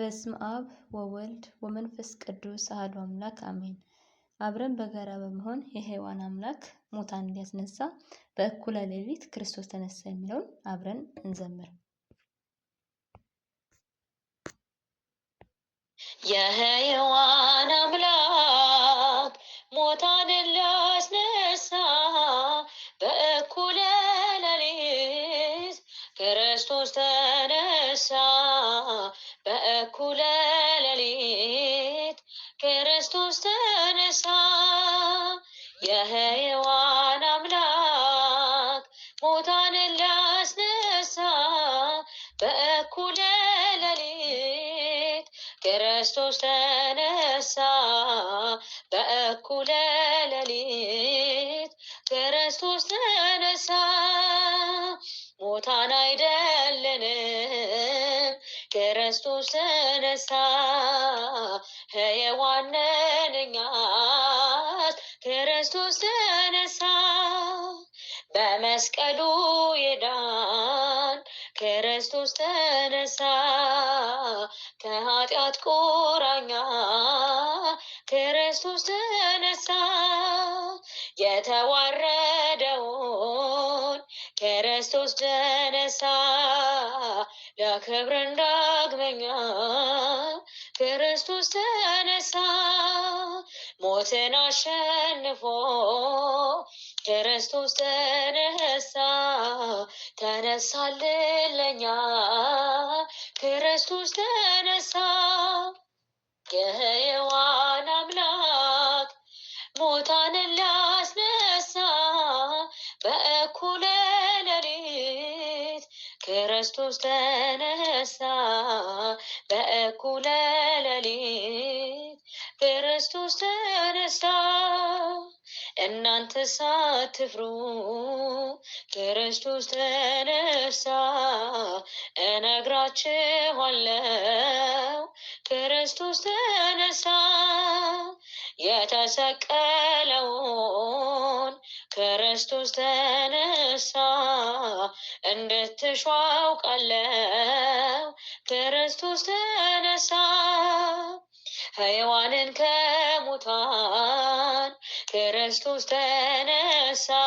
በስም አብ ወወልድ ወመንፈስ ቅዱስ አህዶ አምላክ አሜን። አብረን በጋራ በመሆን የሕያዋን አምላክ ሙታን ሊያስነሳ በእኩለ ሌሊት ክርስቶስ ተነሳ የሚለውን አብረን እንዘምር። የሕያዋን አምላክ ሙታን ሊያስነሳ በእኩለ ሌሊት ክርስቶስ ክርስቶስ ተነሳ በእኩለ ሌሊት ክርስቶስ ተነሳ። ሞታን አይደለንም ክርስቶስ ተነሳ። ሕያዋን ክርስቶስ ተነሳ። በመስቀሉ የዳን ክርስቶስ ተነሳ። ከኃጢአት ቁራኛ ክርስቶስ ተነሳ የተዋረደውን ክርስቶስ ተነሳ ለክብርን ዳግመኛ ክርስቶስ ተነሳ ሞትን አሸንፎ ክርስቶስ ተነሳ ተነሳልለኛ ክርስቶስ ተነሳ የሕያዋን አምላክ ሙታንን ላስነሳ በእኩለ ሌሊት ክርስቶስ ተነሳ በእኩለ ሌሊት ክርስቶስ ተነሳ እናንተ ሳትፍሩ ክርስቶስ ተነሳ እነግራችኋለው ክርስቶስ ተነሳ። የተሰቀለውን ክርስቶስ ተነሳ። እንድትሹ አውቃለው ክርስቶስ ተነሳ። ሕያዋንን ከሙታን ክርስቶስ ተነሳ።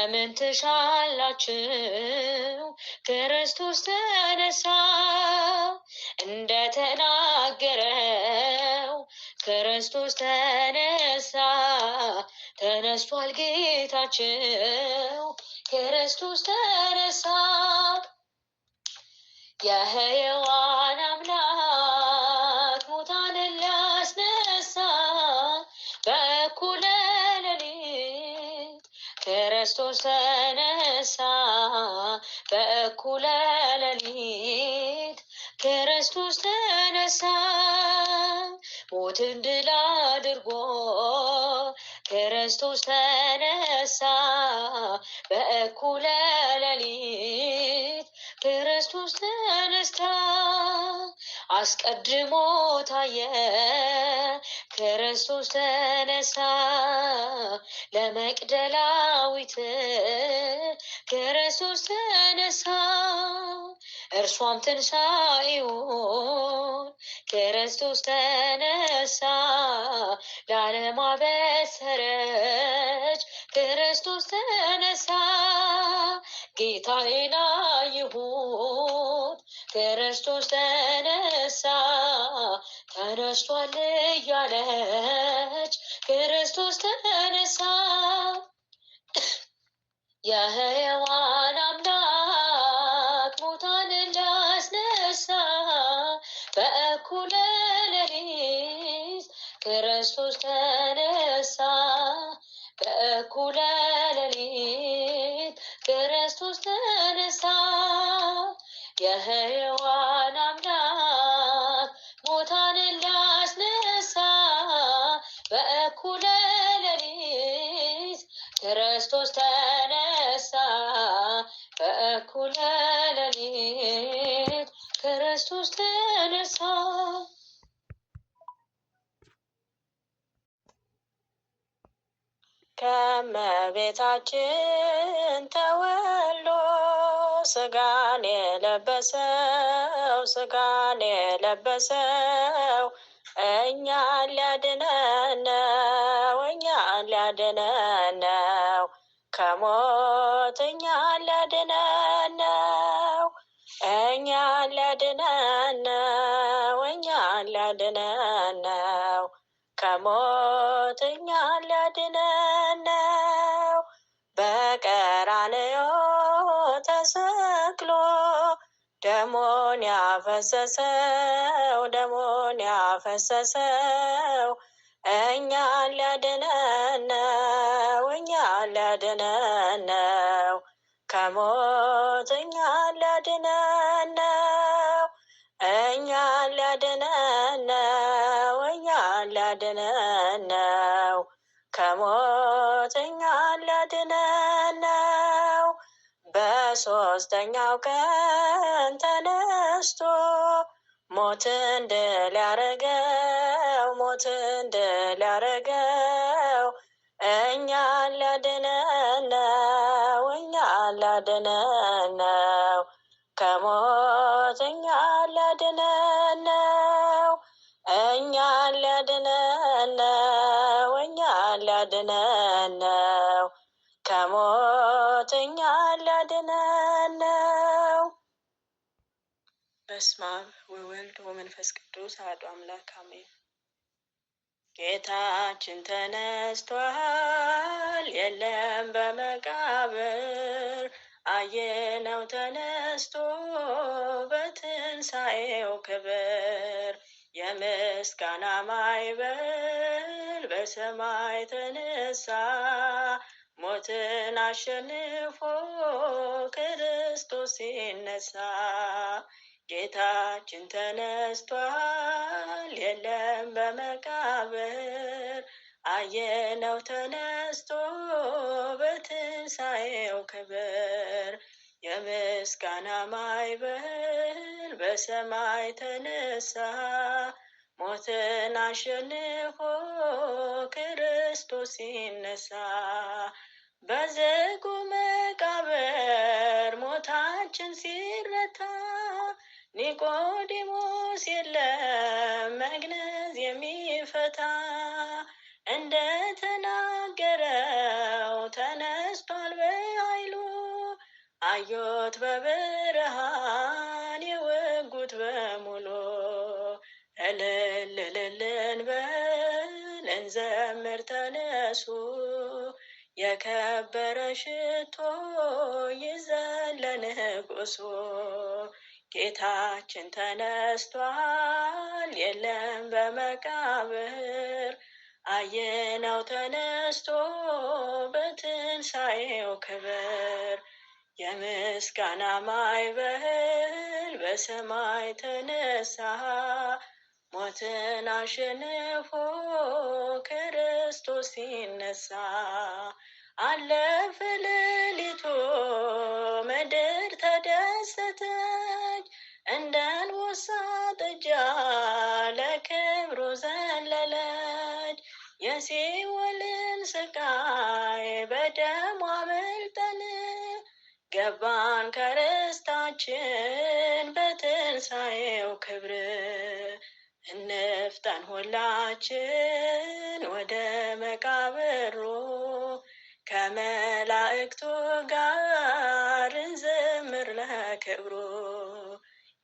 እንደምን ትሻላችሁ? ክርስቶስ ተነሳ እንደተናገረው ክርስቶስ ተነሳ፣ ተነስቷል ጌታችው፣ ክርስቶስ ተነሳ የህየዋና ክርስቶስ ተነሳ በእኩለ ሌሊት፣ ክርስቶስ ተነሳ ሞትን ድል አድርጎ፣ ክርስቶስ ተነሳ በእኩለ ሌሊት፣ ክርስቶስ ተነስታ አስቀድሞ ታየ ክርስቶስ ተነሳ ለመቅደላዊት ክርስቶስ ተነሳ እርሷም ትንሣኤውን ክርስቶስ ተነሳ ለዓለም አበሰረች ክርስቶስ ተነሳ ጌታዬና ይሁን ክርስቶስ ተነሳ ተነስቷል እያለች ክርስቶስ ተነሳ የሕያዋን አምላክ ሙታን እንዳስነሳ በእኩለ ሌሊት ክርስቶስ ተነሳ በእኩለ ሌሊት ክርስቶስ ተነሳ ክርስቶስ ተነሳ በእኩለ ሌሊት ክርስቶስ ተነሳ። ከመቤታችን ተወሎ ስጋን የለበሰው ስጋን የለበሰው እኛን ሊያድነን ነው እኛን ሊያድነን ነው። ከሞት እኛን ሊያድነን ነው፣ እኛን ሊያድነን ነው፣ እኛን ሊያድነን ነው፣ ከሞት እኛን ሊያድነን ነው። በቀራንዮ ተሰቅሎ ደሞን ያፈሰሰው ደሞን ያፈሰሰው እኛ ሊያድነነው እኛ ሊያድነነው ከሞት እኛ ሊያድነነው እኛ ሊያድነነው እኛ ሊያድነነው ከሞት እኛ ሊያድነነው በሶስተኛው ቀን ተነስቶ ሞትን ድል ያደረገ ሞትን ድል ያደረገው እኛን ሊያድነን እኛ እኛን ከሞት እኛን ከሞት በስመ አብ ወወልድ ወመንፈስ ቅዱስ አሐዱ አምላክ አሜን። ጌታችን ተነስቷል፣ የለም በመቃብር አየነው ተነስቶ በትንሣኤው ክብር። የምስጋና ማይበል በሰማይ ተነሳ፣ ሞትን አሸንፎ ክርስቶስ ሲነሳ ጌታችን ተነስቷል፣ የለም በመቃብር አየነው ተነስቶ በትንሣኤው ክብር። የምስጋና ማይበል በሰማይ ተነሳ፣ ሞትን አሸንፎ ክርስቶስ ሲነሳ። በዝጉ መቃብር ሞታችን ሲረታ ኒቆዲሞስ የለም መግነዝ የሚፈታ እንደ ተናገረው ተነስቷል በኃይሉ አዮት በብርሃን የወጉት በሙሉ እልልልልን እልል እንዘምር ተነሱ የከበረ ሽቶ ይዘን ጌታችን ተነስቷል፣ የለም በመቃብር አየነው ተነስቶ በትንሣኤው ክብር። የምስጋና ማይበል በሰማይ ተነሳ፣ ሞትን አሸንፎ ክርስቶስ ሲነሳ አለፈ ሌሊቱ ምድር ተደሰተች፣ እንደ አንበሳ ጥጃ ለክብሩ ዘለለች። የሲኦልን ስቃይ በደሟ አምልጠን ገባን ከርስታችን በትንሣኤው ክብር። እንፍጠን ሁላችን ወደ መቃብሩ ከመላእክቱ ጋር እንዘምር ለክብሩ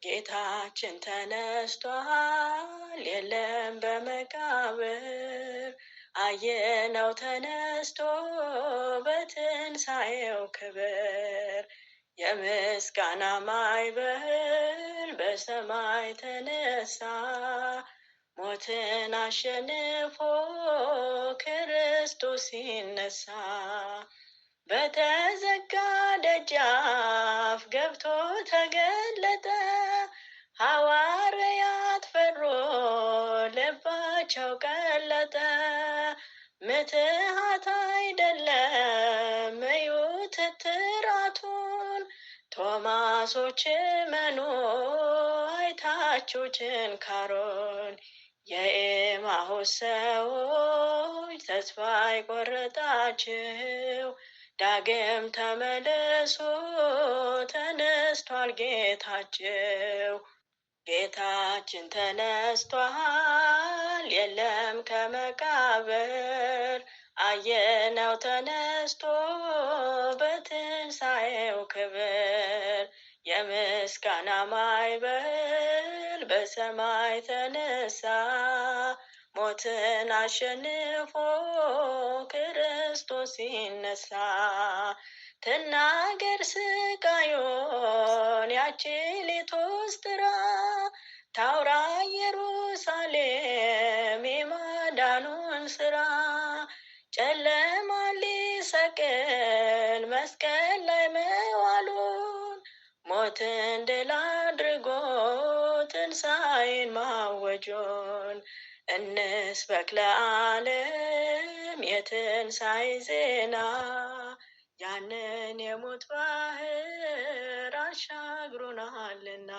ጌታችን ተነስቷል፣ የለም በመቃብር አየነው ተነስቶ በትንሣኤው ክብር። የምስጋና ማይበል በሰማይ ተነሳ ሞትን አሸንፎ ክርስቶስ ሲነሳ በተዘጋ ደጃፍ ገብቶ ተገለጠ። ሐዋርያት ፈሮ ልባቸው ቀለጠ። ምትሃት አይደለም እዩ ትትራቱን ቶማሶች መኖ አይታችሁ ችንካሮን የኤማሁስ ሰዎች ተስፋ የቆረጣችሁ ዳግም ተመለሱ ተነስቷል ጌታችሁ። ጌታችን ተነስቷል፣ የለም ከመቃብር አየነው ተነስቶ በትንሣኤው ክብር የምስጋና ማይበር በሰማይ ተነሳ ሞትን አሸንፎ ክርስቶስ ሲነሳ ትናገር ስቃዮን ያቺ ሌቶስትራ ታውራ ኢየሩሳሌም የማዳኑን ስራ ጨለማ ሊሰቅል መስቀል ላይ መዋሉን ሞትን ድላ ድል ማወጆን እንስበክ ለዓለም የትንሣኤ ዜና ያንን የሞት ባህር አሻግሮናልና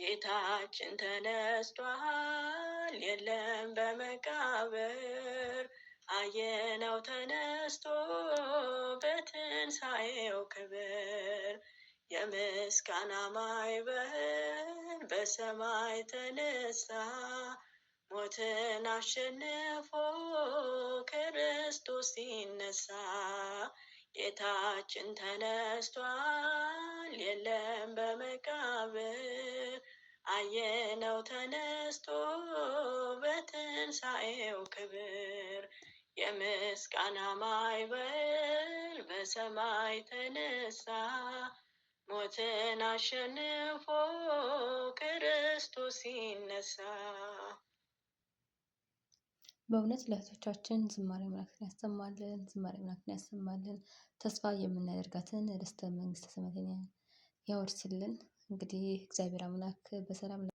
ጌታችን ተነስቷል፣ የለም በመቃብር አየነው ተነስቶ በትንሣኤው ክብር የምስጋና ማይበል በሰማይ ተነሳ ሞትን አሸንፎ ክርስቶስ ሲነሳ ጌታችን ተነስቷል የለም በመቃብር አየነው ተነስቶ በትንሣኤው ክብር የምስጋና ማይበል በሰማይ ተነሳ ሞትን አሸንፎ ክርስቶስ ሲነሳ። በእውነት ለእህቶቻችን ዝማሬ መላእክትን ያሰማልን፣ ዝማሬ መላእክትን ያሰማልን፣ ተስፋ የምናደርጋትን ርስተ መንግስተ ሰማያትን ያወርስልን። እንግዲህ እግዚአብሔር አምላክ በሰላም